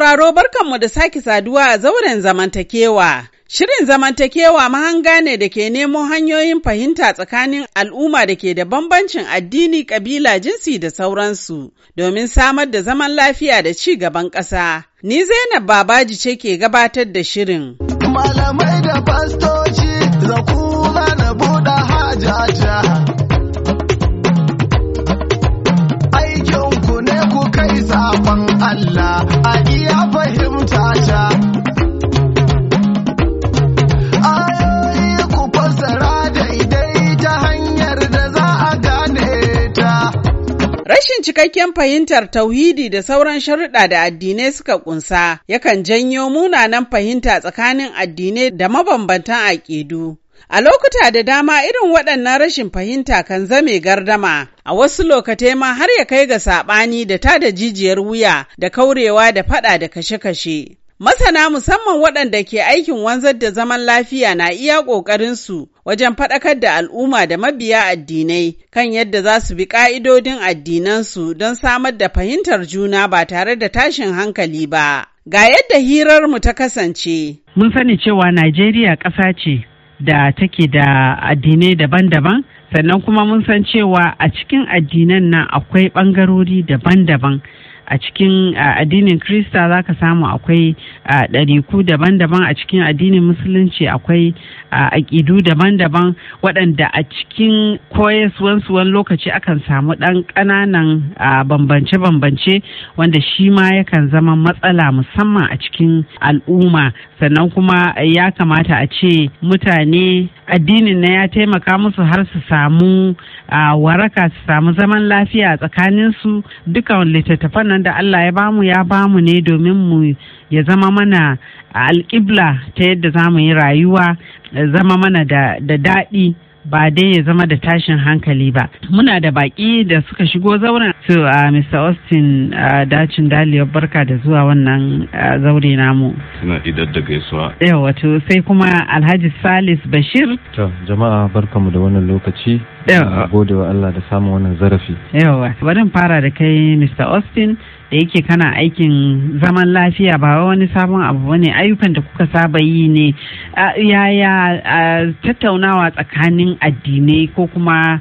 sauraro barkanmu da sake saduwa a zauren zamantakewa. Shirin zamantakewa mahanga ne da ke nemo hanyoyin fahimta tsakanin al'umma da ke da bambancin addini, ƙabila, jinsi da sauransu domin samar da zaman lafiya da ci gaban ƙasa. Ni Zainab Babaji ce ke gabatar da shirin. Malamai da fastoci da buɗe hajaja. kai Allah fahimta ta rashin cikakken fahimtar tauhidi da sauran sharuɗa da addinai suka kunsa yakan janyo munanan fahimta tsakanin addinai da mabambantan aƙidu A lokuta da dama irin waɗannan rashin fahimta kan zame gardama, a wasu lokatai ma har ya kai ga saɓani da ta da jijiyar wuya da kaurewa da faɗa da kashe-kashe. Masana musamman waɗanda ke aikin wanzar da zaman lafiya na iya ƙoƙarinsu wajen faɗakar da al'umma da mabiya addinai kan yadda za su bi ƙa'idodin addinansu don samar da fahimtar juna ba tare da tashin hankali ba. Ga yadda hirar mu ta kasance. Mun sani cewa Najeriya ƙasa ce da take da addinai daban-daban sannan kuma mun san cewa a cikin addinan nan akwai ɓangarori daban-daban a cikin addinin krista za ka samu akwai ɗariku daban-daban a cikin addinin musulunci akwai aƙidu daban-daban waɗanda a cikin koyaswansu wani lokaci akan samu ɗan ƙananan bambance-bambance wanda shi ma yakan zama matsala musamman a cikin al'umma sannan kuma ya kamata a ce mutane addinin na ya taimaka musu har su samu waraka su samu zaman lafiya tsakaninsu dukan littattafan wannan da Allah ya bamu ya bamu ne domin mu ya zama mana alƙibla ta yadda za mu yi rayuwa zama mana da daɗi ba dai ya zama da tashin hankali ba muna da baki da suka shigo zauren su a uh, mr austin uh, dacin daliyar barka da zuwa wannan uh, zaure namu suna idar da gaisuwa yawa wato sai kuma alhaji salis bashir to jama'a barkamu da wannan lokaci yawa gode wa allah da samun wannan zarafi yawa bari fara da kai mr austin da yake kana aikin zaman lafiya ba wani sabon abu ne ayyukan da kuka saba yi ne yaya tattaunawa tsakanin addinai ko kuma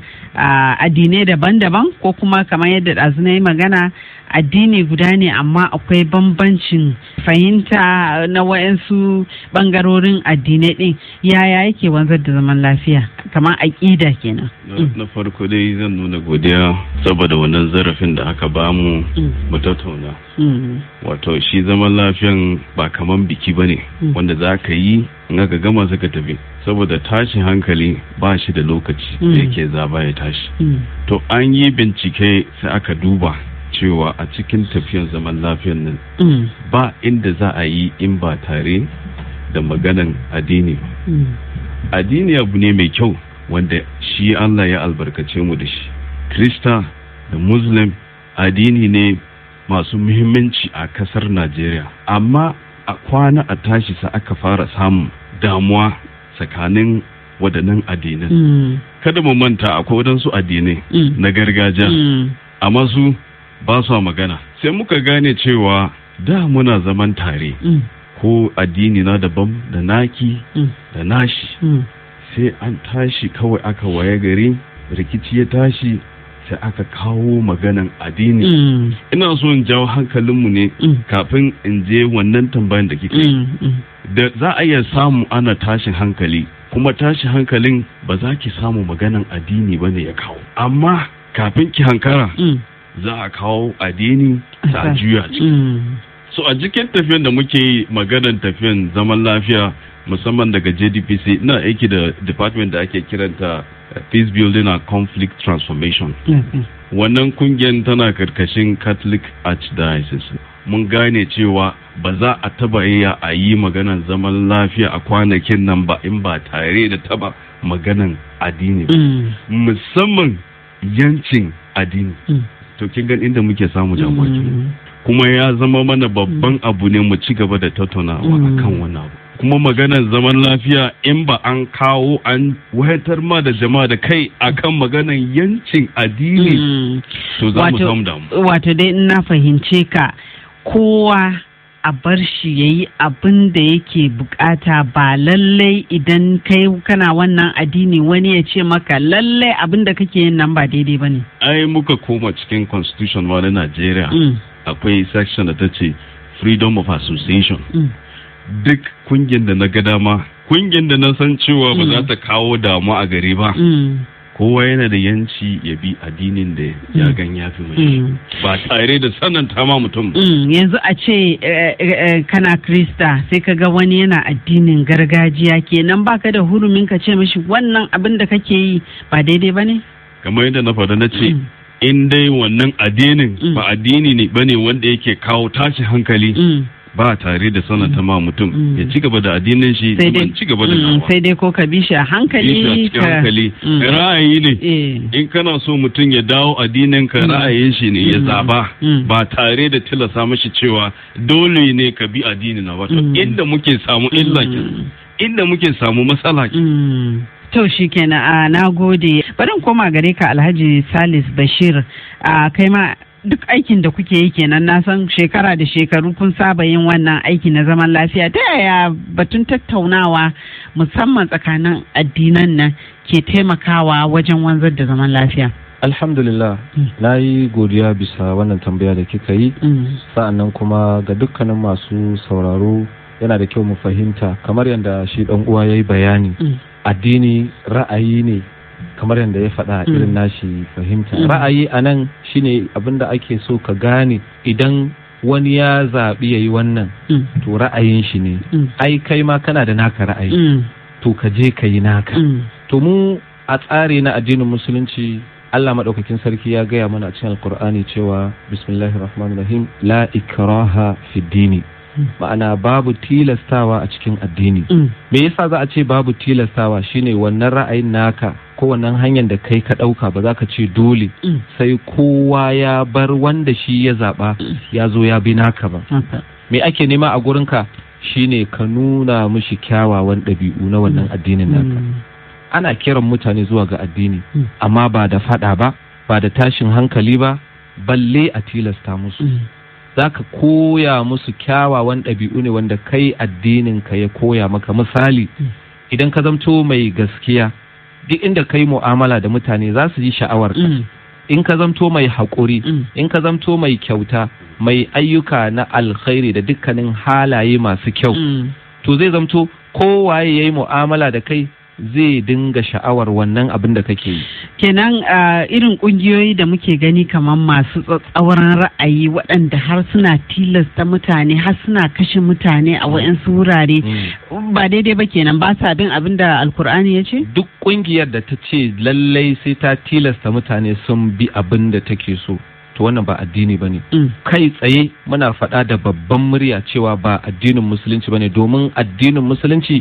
addinai daban-daban ko kuma kamar yadda ɗazu na yi magana addini guda ne amma akwai bambancin fahimta na wayansu bangarorin addinai ɗin yaya yake wanzar da zaman lafiya kamar aƙida kenan. na farko dai zan nuna godiya saboda wannan zarafin da aka ba mm. mu tattauna mm. wato shi zaman lafiyan ba kaman biki ba ne mm. wanda za ka yi in aka gama suka tafi saboda tashin hankali ba shi da lokaci da yake zaba ya tashi to an yi bincike sai aka duba cewa a cikin tafiyan zaman lafiyan nan ba inda za a yi in ba tare da maganan addini ba addini abu ne mai kyau wanda shi Allah ya albarkace mu da shi krista da muslim addini ne masu muhimmanci a kasar najeriya amma a kwana a tashi sa aka fara samun damuwa tsakanin waɗannan addinin. Mm. kada mu manta akwai waɗansu addinai mm. na gargajiya mm. amma su ba su magana sai muka gane cewa da muna zaman tare ko addini na daban da naki mm. da nashi mm. sai an tashi kawai aka waye gari rikici ya tashi sai aka kawo maganan addini mm. ina so in jawo hankalinmu ne kafin in je wannan tambayan da kike da za a iya samu ana tashin hankali kuma tashi hankalin ba za ki samu maganan addini ba ne ya kawo amma kafin ki hankara za a kawo addini ta juya ciki so a cikin tafiyan da muke yi maganar tafiyan zaman lafiya musamman daga jdpc na aiki da department da ake kiranta eh, peace building and conflict transformation mm-hmm. wannan kungiyar tana karkashin catholic archdiocese mun gane cewa ba za a taba iya a yi maganan zaman lafiya a kwanakin nan ba in ba tare da taba maganan addini mm. musamman yancin addini mm. to kin gan inda muke samu jama'a kuma ya zama mana babban abu ne mu ci gaba da tattaunawa mm. akan wannan abu kuma maganar zaman lafiya in ba an kawo an wahatar ma da jama'a da kai akan maganar yancin addini to za mu samu damu wato dai na fahimce ka kowa a bar shi ya yi abin da yake bukata ba lallai idan kai kana wannan addini wani ya ce maka lallai abin da kake yin nan ba daidai ba ne ai muka koma cikin constitution ma na najeriya mm. akwai section da ta ce freedom of association mm. duk kungiyar da na ga dama kungiyar da na san cewa ba za mm. ta kawo damu a gari ba mm. kowa yana da yanci ya bi addinin da ya gan ya fi mai ba tare da ta ma mutum yanzu a ce eh, eh, eh, kana krista sai ka ga wani yana addinin gargajiya kenan baka da hurumin ka ce mashi wannan abin da kake yi ba daidai ba ne kamar yadda na faɗa na ce in dai wannan addinin mm. ba addini ne bane wanda yake kawo tashi hankali mm. ba tare da sanata ma mutum mm. ya ci gaba da addinin shi ban ci gaba da nawa sai dai ko ka bi shi a hankali ka hankali ra'ayi ne eh. in kana so mutum ya dawo addinin ka ra'ayin shi ne ya zaba ba tare da tilasa mashi cewa dole ne ka bi addinin na wato inda muke samu illa inda muke samu matsala To shi kenan a ah, na gode. Barin koma gare ka Alhaji Salis Bashir a ah, kai ma duk aikin da kuke yi kenan na san shekara da shekaru kun saba yin wannan aiki na zaman lafiya ta yaya batun tattaunawa musamman tsakanin addinan nan ke taimakawa wajen wanzar da zaman lafiya. alhamdulillah mm. na yi godiya bisa wannan tambaya da kika yi mm. sa'annan kuma ga dukkanin masu sauraro yana da kyau mu fahimta kamar yadda shi ɗan uwa ya yi bayani mm. addini ra'ayi ne kamar yadda ya faɗa hmm. irin nashi fahimta hmm. ra'ayi a nan shine abinda ake so ka gane idan wani ya zaɓi ya yi wannan hmm. to ra'ayin shi ne ai kai ma kana da naka ra'ayi to ka je ka yi naka to mu a tsari na addinin musulunci Allah maɗaukakin sarki ya gaya mana cikin alkur'ani cewa la ikraha fi dini ma'ana babu tilastawa a cikin addini mm. me yasa za a ce babu tilastawa shine wannan ra'ayin naka ko wannan hanyar da kai ka ɗauka ba za ka ce dole mm. sai kowa ya bar wanda shi ya zaɓa ya zo ya bi naka ba me ake nema a gurinka shine ka nuna mishi kyawawan ɗabi'u na wannan mm. addinin naka ana kiran mutane zuwa ga addini amma ba da faɗa ba ba da tashin hankali ba balle a tilasta musu za ka koya musu kyawawan ɗabi'u ne wanda kai addininka ya koya maka misali idan ka zamto mai gaskiya duk inda kai mu'amala da mutane za su ji sha'awar mm. in ka zamto mai haƙuri mm. in ka zamto mai kyauta mai ayyuka na alkhairi da dukkanin halaye masu kyau mm. to zai zamto kowaye ya yi mu'amala da kai zai dinga sha'awar wannan abin da kake yi kenan irin kungiyoyi da muke gani kamar masu tsatsauran ra'ayi waɗanda har suna tilasta mutane har suna kashe mutane a waɗansu wurare mm. ba daidai ba kenan ba sa bin abin da alkur'ani ya ce duk kungiyar da ta ce lallai sai ta tilasta mutane sun bi abin da take so to wannan ba addini ba ne mm. kai tsaye muna faɗa da babban murya cewa ba addinin musulunci ba ne domin addinin musulunci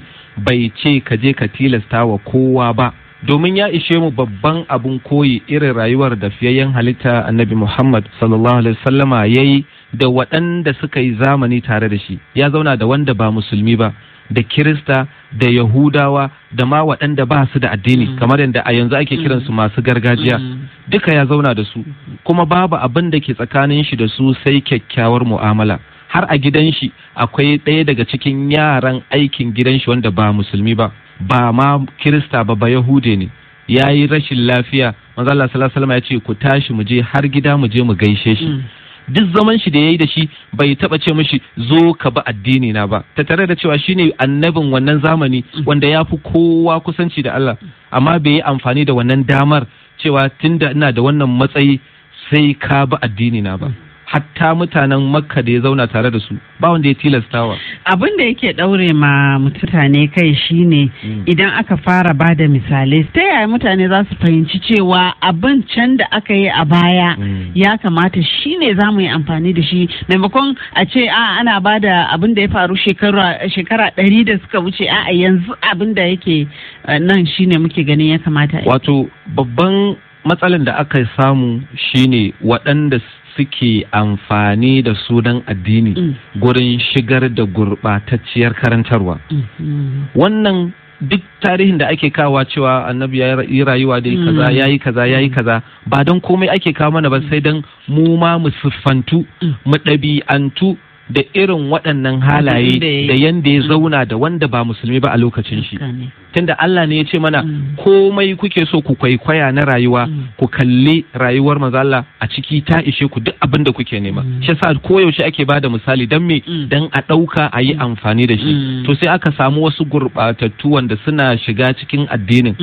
bai ce ka je ka tilasta wa kowa ba domin ya ishe mu babban abun koyi irin rayuwar da fiyayyen halitta annabi muhammad sallallahu alaihi wasallama ya yi da waɗanda suka yi zamani tare da shi ya zauna da wanda ba musulmi ba da kirista da yahudawa da ma waɗanda ba su da addini mm. kamar yadda a yanzu ake mm. kiransu masu gargajiya duka ya zauna da su kuma babu abin da ke tsakanin shi da su sai kyakkyawar mu'amala har a gidan shi akwai ɗaya daga cikin yaran aikin gidan shi wanda ba musulmi ba ba ma kirista ba ba yahude ne ya yi rashin lafiya Maza Allah sallallahu alaihi ya ce ku tashi mu je har gida mu je mu gaishe shi mm. duk zaman shi da yayi da shi bai taba ce mishi zo ka ba addini na ba ta tare da cewa shine annabin wannan zamani mm. wanda ya fi kowa kusanci da Allah amma bai yi amfani da wannan damar cewa tunda ina da wannan matsayi sai ka ba addini na ba hatta mutanen makka da ya zauna tare da su ba wanda ya tilastawa abin da yake daure ma mutane kai shine hmm. idan aka fara ba da misalai ta yaya mutane za su fahimci cewa abin can da aka yi a baya hmm. ya kamata shine za mu yi amfani da shi maimakon a ce a ana ba da abin da ya faru shekara ɗari da suka wuce a yanzu abin da yake eh, nan shine muke ganin ya kamata wato babban matsalan da aka samu shine waɗanda suke amfani da sunan addini mm. gurin shigar da gurɓatacciyar karantarwa mm-hmm. wannan duk tarihin da ake kawa cewa annabi ya yi rayuwa da mm. kaza ya yi kaza ya yi mm. kaza ba don komai ake kawo mana ba sai don mu ma mu siffantu mu ɗabi'antu da irin waɗannan halaye da yanda ya mm. zauna da wanda ba musulmi ba a lokacin shi tunda Allah ne ya ce mana mm. komai kuke so ku kwaikwaya na rayuwa mm. ku kalli rayuwar mazalla a ciki ta ishe ku duk abin da kuke nema shi yasa koyaushe ake ba da misali dan me dan a ɗauka a yi amfani da shi to sai aka samu wasu gurɓatattu wanda suna shiga cikin addinin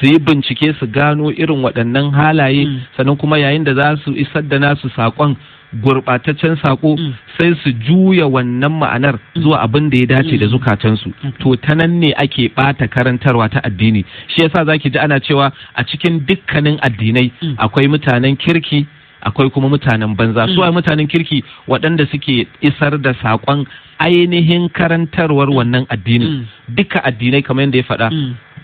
su yi bincike su gano irin waɗannan halaye mm. sannan kuma yayin da za su isar da nasu saƙon gurɓataccen saƙo mm. sai su juya wannan ma'anar mm. zuwa abin da ya dace da zukatansu to ta nan ne ake ɓata karantarwa ta addini shi yasa ki ji ana cewa a cikin dukkanin addinai akwai mutanen kirki akwai kuma mutanen banza su mutanen kirki waɗanda suke isar da saƙon ainihin karantarwar wannan addini duka addinai kamar yadda ya faɗa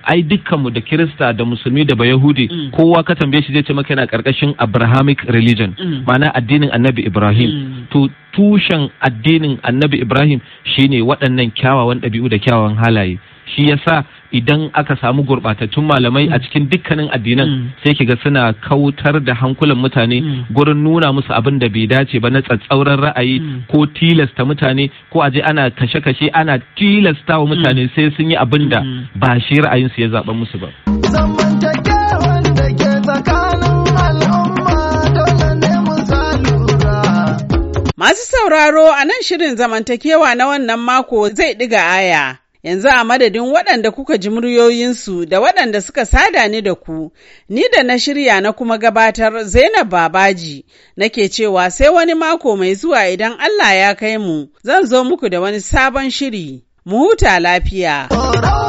ai dukkanmu da kirista da musulmi da bayahudi mm. kowa ka tambaye shi zai ce maka yana karkashin abrahamic religion mm. ma'ana addinin annabi ibrahim mm. to tushen addinin annabi ibrahim shine waɗannan kyawawan ɗabi'u da kyawawan halaye shi yasa idan aka samu gurbatattun malamai a mm. cikin dukkanin addinan mm. sai ki ga suna kautar da hankulan mutane mm. gurin nuna musu abin da bai dace ba na tsatsauran ra'ayi ko tilasta mutane ko aje ana kashe-kashe ana tilasta wa mutane sai sun yi abin da ba shi ra'ayinsu ya zaɓa musu ba. Masu sauraro a nan shirin zamantakewa na wannan mako zai ɗiga aya. yanzu a madadin waɗanda kuka ji muryoyinsu da waɗanda suka sada ni da ku, ni da na shirya na kuma gabatar Zainab Babaji, nake cewa sai wani mako mai zuwa idan Allah ya kai mu, zan zo muku da wani sabon shiri, mu huta lafiya.